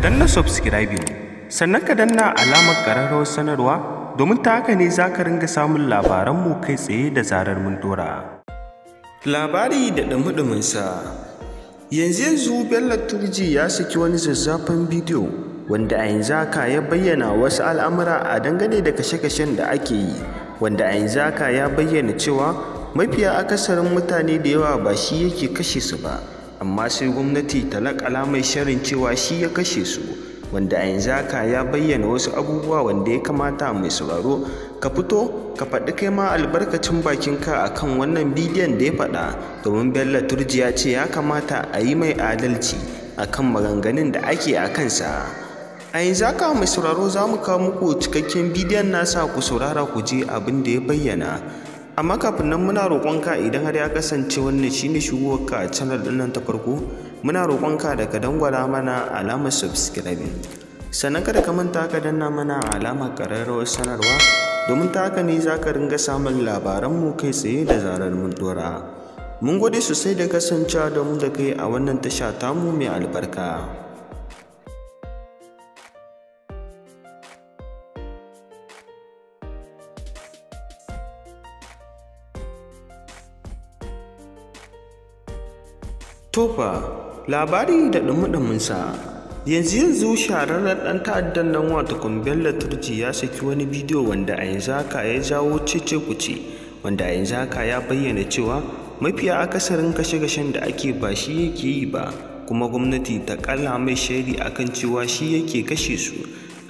danna subscribing sannan ka danna alamar ƙararrawar sanarwa domin ta haka ne za ka ringa samun labaranmu kai tsaye da zarar mun dora. Labari da ɗumi-ɗuminsa yanzu yanzu Bello Turji ya saki wani zazzafan bidiyo wanda a yanzu haka ya bayyana wasu al'amura a dangane da kashe-kashen da ake yi wanda a yanzu haka ya bayyana cewa mafiya akasarin mutane da yawa ba shi yake kashe su ba. amma sai gwamnati ta laƙala mai sharin cewa shi ya kashe su wanda a yanzu haka ya bayyana wasu abubuwa wanda ya kamata mai sauraro ka fito ka faɗi kai ma albarkacin bakinka a kan wannan bidiyon da ya faɗa domin bello turji ya ce ya kamata a yi mai adalci a kan maganganun da ake a kansa a yanzu haka mai sauraro za mu kawo muku cikakken bidiyon nasa ku saurara ku je abin da ya bayyana amma kafin nan muna roƙonka idan har ya kasance wannan shine shigowarka a canar din nan ta farko muna roƙonka daga dangwala mana alamar subscribe sannan kada ka manta ka danna mana alama ƙararrawar sanarwa domin ta haka ne za ka ringa samun labaranmu kai tsaye da zarar mun dora mun gode sosai da kasancewa da mu da kai a wannan tasha tamu mai albarka Tofa labari da ɗumi sa yanzu yanzu shahararren ɗan ta'addan nan wata Bello laturji ya saki wani bidiyo wanda a yanzu haka ya jawo cece kuce wanda a yanzu haka ya bayyana cewa mafiya akasarin kashe-kashen da ake ba shi yake yi ba kuma gwamnati ta kalla mai shari akan cewa shi yake kashe su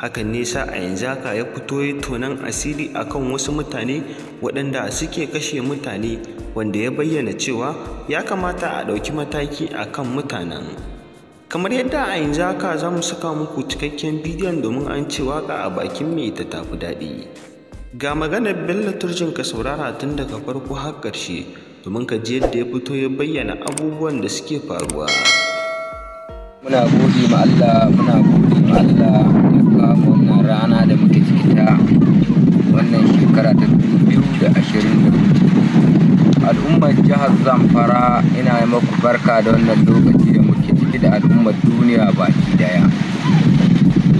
hakan ne sa a yanzu haka ya fito ya tonan asiri akan wasu mutane waɗanda suke kashe mutane wanda ya bayyana cewa ya kamata a ɗauki mataki a kan mutanen kamar yadda a yanzu haka za mu saka muku cikakken bidiyon domin an ce waka a bakin mai ta tafi daɗi ga maganar bello turjin ka saurara tun daga farko har ƙarshe domin ka ji yadda ya fito ya bayyana abubuwan da suke faruwa muna gode ma Allah muna gode ma Allah da wannan rana da muke ciki ta wannan shekara ta 2020 al'ummar jihar zamfara ina maku barka da wannan lokaci da muke ciki da al'ummar duniya baki daya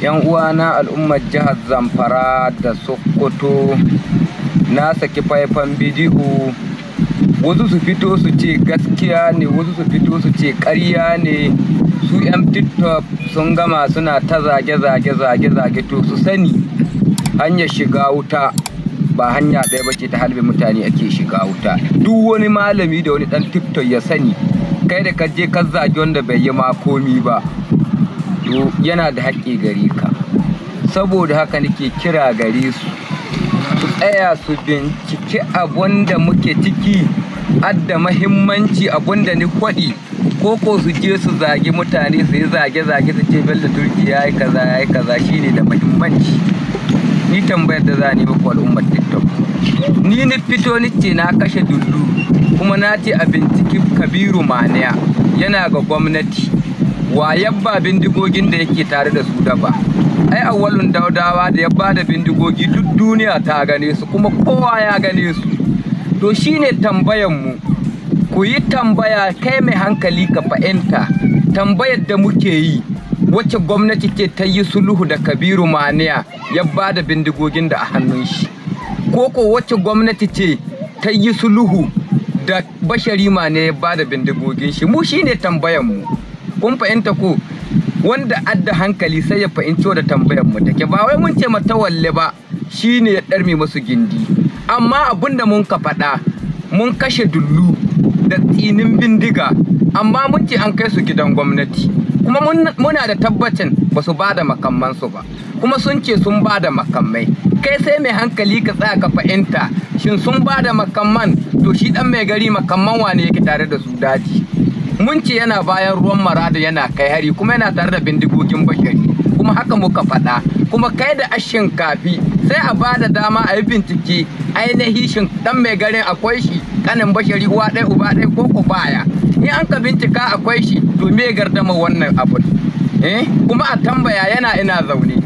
yan uwana al'ummar jihar zamfara da sokoto na saki faifan bidiyo wasu su fito su ce gaskiya ne wasu su fito su ce ƙarya ne su 'yan tiktok sun gama suna ta zage-zage zage-zage to su sani hanyar shiga wuta ba hanya ɗaya ba ta halbe mutane ake shiga wuta duk wani malami da wani ɗan tiktok ya sani kai da kaje je ka zagi wanda bai yi makomi komi ba yana da haƙƙi gare ka saboda haka nake kira gare su su tsaya su binciki abun da muke ciki adda mahimmanci abun da ni kwaɗi ko ko su je su zagi mutane su yi zage-zage su ce bello turki ya yi kaza ya yi kaza shine da mahimmanci ni tambayar da za ni maku al'ummar ni ni fito ni ce na kashe dullu kuma na ce a binciki kabiru maniya yana ga gwamnati wa yabba bindigogin da yake tare da su daba ai awalun daudawa da yabba da bindigogi duk duniya ta gane su kuma kowa ya gane su to shine tambayan mu ku yi tambaya kai mai hankali ka fahimta tambayar da muke yi wacce gwamnati ke ta yi sulhu da kabiru maniya yabba da bindigogin da a hannun shi koko wacce gwamnati ce ta yi suluhu da bashari ma ne ya ba da bindigogin shi mu shine tambayan mu kun fahimta ko wanda adda hankali sai ya fahimci da tambayar mu take ba wai mun ce walle ba shi ne ya ɗarmi masu gindi amma da mun ka faɗa mun kashe dullu da tsinin bindiga amma mun ce an kai su gidan gwamnati kuma muna da tabbacin ba su ba da makamman su ba kuma sun ce sun ba da makamai kai sai mai hankali ka tsaya ka fahimta shin sun ba da makamman to shi dan mai gari makamman wane yake tare da su daji mun ce yana bayan ruwan marada yana kai hari kuma yana tare da bindigogin bashari kuma haka muka faɗa kuma kai da ashin kafi sai a bada dama a yi bincike ainihin shin dan mai garin akwai shi kanin bashari uwa ɗaya uba ɗaya ko ku baya in an ka bincika akwai shi to me gardama wannan abun eh kuma a tambaya yana ina zaune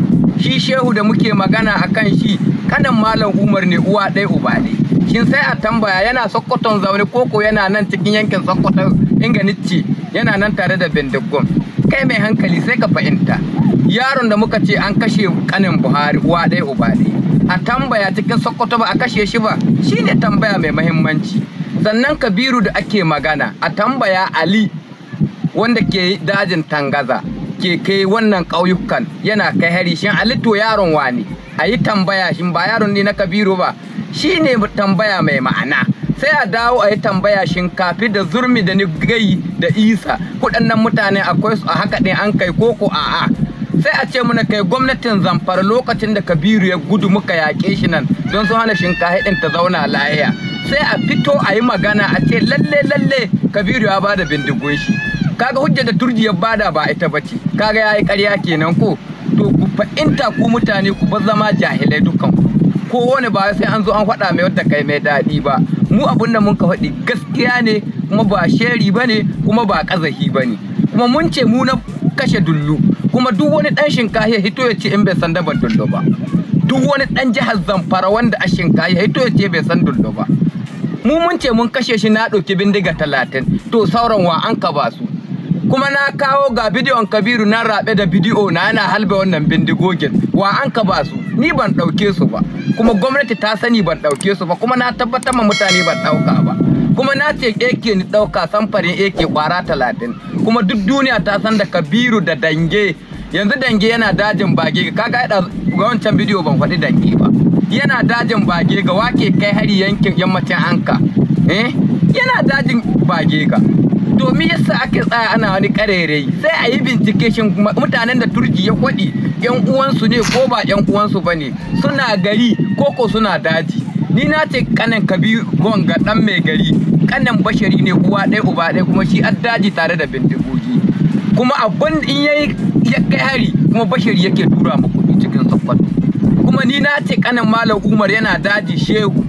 shi shehu da muke magana a kan shi kanan malam umar ne uwa ɗaya uba ɗaya shin sai a tambaya yana sokoton zaune koko yana nan cikin yankin sokoton inganicci yana nan tare da bindigon kai mai hankali sai ka fahimta yaron da muka ce an kashe kanin buhari uwa ɗaya uba ɗaya a tambaya cikin sokoto ba a kashe shi ba shine tambaya mai mahimmanci sannan kabiru da ake magana a tambaya ali wanda ke dajin tangaza ke kai wannan kauyukan yana kai hari shin alitto yaron wani a yi tambaya shin ba yaron ne na kabiru ba shi ne tambaya mai ma'ana sai a dawo a yi tambaya shinkafi da zurmi da ni gai da isa kuɗannan mutane akwai su a haka ɗin an kai koko a? sai a ce muna kai gwamnatin zamfara lokacin da kabiru ya gudu muka yaƙe shi nan don su hana shinkafi ɗin ta zauna lahiya sai a fito a yi magana a ce lalle lalle kabiru ya bada bindigun shi kaga hujjar da turji ya bada ba ita bace kaga yayi ƙarya kenan ko to ku fa'inta ku mutane ku bar zama jahilai dukan ko wani ba sai an zo an faɗa mai wata kai mai daɗi ba mu abun da mun ka faɗi gaskiya ne kuma ba sheri ba ne kuma ba ƙazahi ba ne kuma mun ce mu na kashe dullu kuma duk wani ɗan shinkahi hito ya ce in bai san dabar dullu ba duk wani ɗan jihar zamfara wanda a shinkahi hito ya ce bai san dullu ba mu mun ce mun kashe shi na ɗauki bindiga talatin to sauran wa an ka ba su kuma na kawo ga bidiyon kabiru na rabe da bidiyo na yana halbe wannan bindigogin wa an ka ba su ni ban ɗauke su ba kuma gwamnati ta sani ban ɗauke su ba kuma na tabbatar ma mutane ban ɗauka ba kuma na ce ake ni ɗauka samfarin ake kwara talatin kuma duk duniya ta san da kabiru da dange yanzu dange yana dajin bage kaga ga wancan bidiyo ban faɗi dange ba yana dajin bage ga wake kai hari yankin yammacin anka eh yana dajin bage ga domin yasa ake tsaya ana wani karerai sai a yi bincike shin mutanen da turji ya kwaɗi yan uwansu ne ko ba yan uwansu ba ne suna gari ko ko suna daji ni na ce kanan kabiru gonga dan mai gari kanan bashari ne uwa ɗaya uba ɗaya kuma shi an daji tare da bindigogi kuma abin in yayi ya kai hari kuma bashari yake tura ma kuɗi cikin sokoto kuma ni na ce kanan malam umar yana daji shehu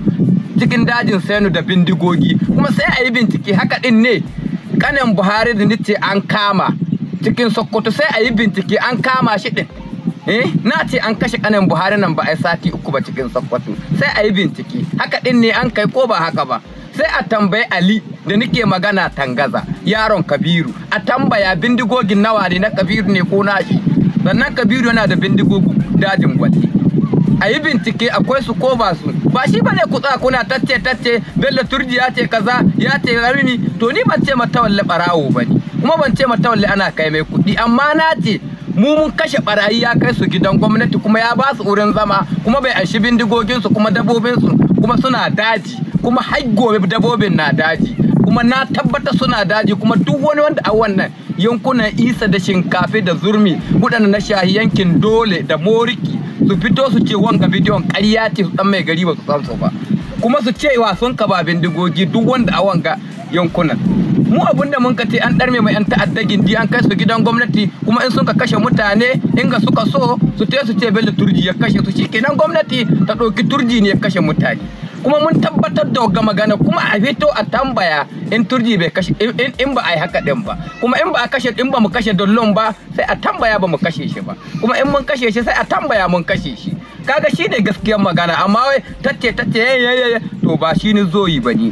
cikin dajin senu da bindigogi kuma sai a yi bincike haka din ne kanin buhari da ce an kama cikin sokoto sai a yi bincike an kama shi din eh na ce an kashe kanin buhari nan ba a sati uku ba cikin sokoto sai a yi bincike haka din ne an kai ko ba haka ba sai a tambayi ali da nike magana tangaza yaron kabiru a tambaya bindigogin nawa ne na kabiru ne ko nashi sannan kabiru yana da bindigogi dajin gwaje. a yi bincike akwai su ko ba su ba shi bane ku tsaya kuna tacce tacce bello turji ya ce kaza ya ce rarmi to ni ban ce ma walle barawo ba ne kuma ban ce ma ana kai mai kuɗi amma na ce mu mun kashe barayi ya kai su gidan gwamnati kuma ya ba su wurin zama kuma bai anshi bindigogin su kuma dabobin su kuma suna daji kuma har gobe dabobin na daji kuma na tabbata suna daji kuma duk wani wanda a wannan yankunan isa da shinkafi da zurmi waɗanda na shahi yankin dole da moriki su fito su ce wanga bidiyon ƙarya ce su ɗan mai gari ba su san su ba kuma su ce wa sun ka ba bindigogi duk wanda a wanga yankunan mu abun da mun ka ce an ɗarme mai yan ta'adda gindi an kai su gidan gwamnati kuma in sun ka kashe mutane in ga suka so su te su ce bello turji ya kashe su kenan gwamnati ta ɗauki turji ne ya kashe mutane kuma mun tabbatar da ga magana kuma a fito a tambaya in turji bai kashe in ba a yi haka din ba kuma in ba a kashe in ba mu kashe dollon ba sai a tambaya ba mu kashe shi ba kuma in mun kashe shi sai a tambaya mun kashe shi kaga ne gaskiyar magana amma wai tacce tacce yayyaye eh, eh, eh, to ba ne zoyi ba ni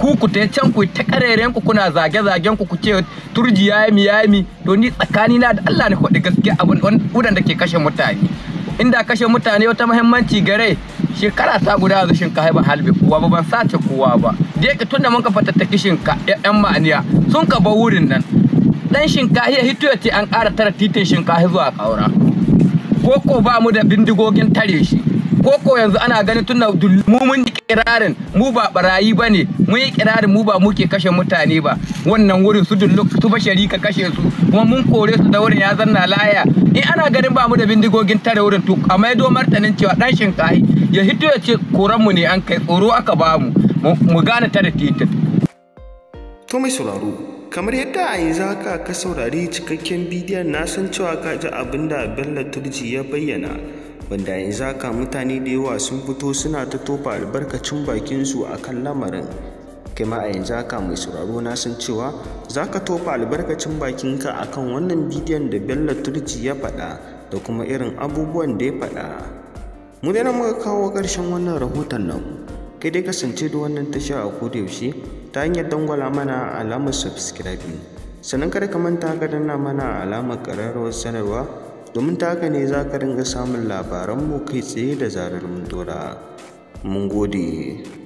ku ku ta can ku ta kareren ku kuna zage zagen ku ku ce turji yayi mi yayi mi to ni tsakani na da Allah ne da gaskiya abin da ke kashe mutane inda kashe mutane wata muhimmanci gare shekara ta guda yanzu shinka haiba halbe kowa ba ban sace kowa ba Jeki tun tunda mun ka fatattaki shinka yan ma'aniya sun ka bar wurin nan dan shinkahi ya hito ya ce an ƙara tara titin shinkahi zuwa ƙaura ko ko ba mu da bindigogin tare shi koko yanzu ana ganin tunna mu mun yi kirarin mu ba barayi ba ne mun yi kirarin mu ba muke kashe mutane ba wannan wurin su dulluk su bashari ka kashe su kuma mun kore su da wurin ya zanna laya in ana ganin ba mu da bindigogin tare wurin to a maido martanin cewa dan shinkahi ya hito ya ce mu ne an kai tsoro aka bamu mu gane tare titin. To mai sauraro kamar yadda a yanzu haka ka saurari cikakken bidiyon na san cewa ka ji abin da bello turji ya bayyana wanda yanzu haka mutane da yawa sun fito suna ta tofa albarkacin bakinsu a kan lamarin kai ma a yanzu haka mai sauraro na san cewa za ka tofa albarkacin bakinka a kan wannan bidiyon da bello turji ya faɗa da kuma irin abubuwan da ya faɗa mu dai muka kawo ƙarshen wannan rahoton nan kai dai kasance da wannan tashar a yaushe, ta hanyar dangwala mana alamar subscribe sannan kada ka manta ka danna mana alamar ƙararrawar sanarwa domin ta haka ne za ka dinga samun mu kai tsaye da zarar mun dora mun gode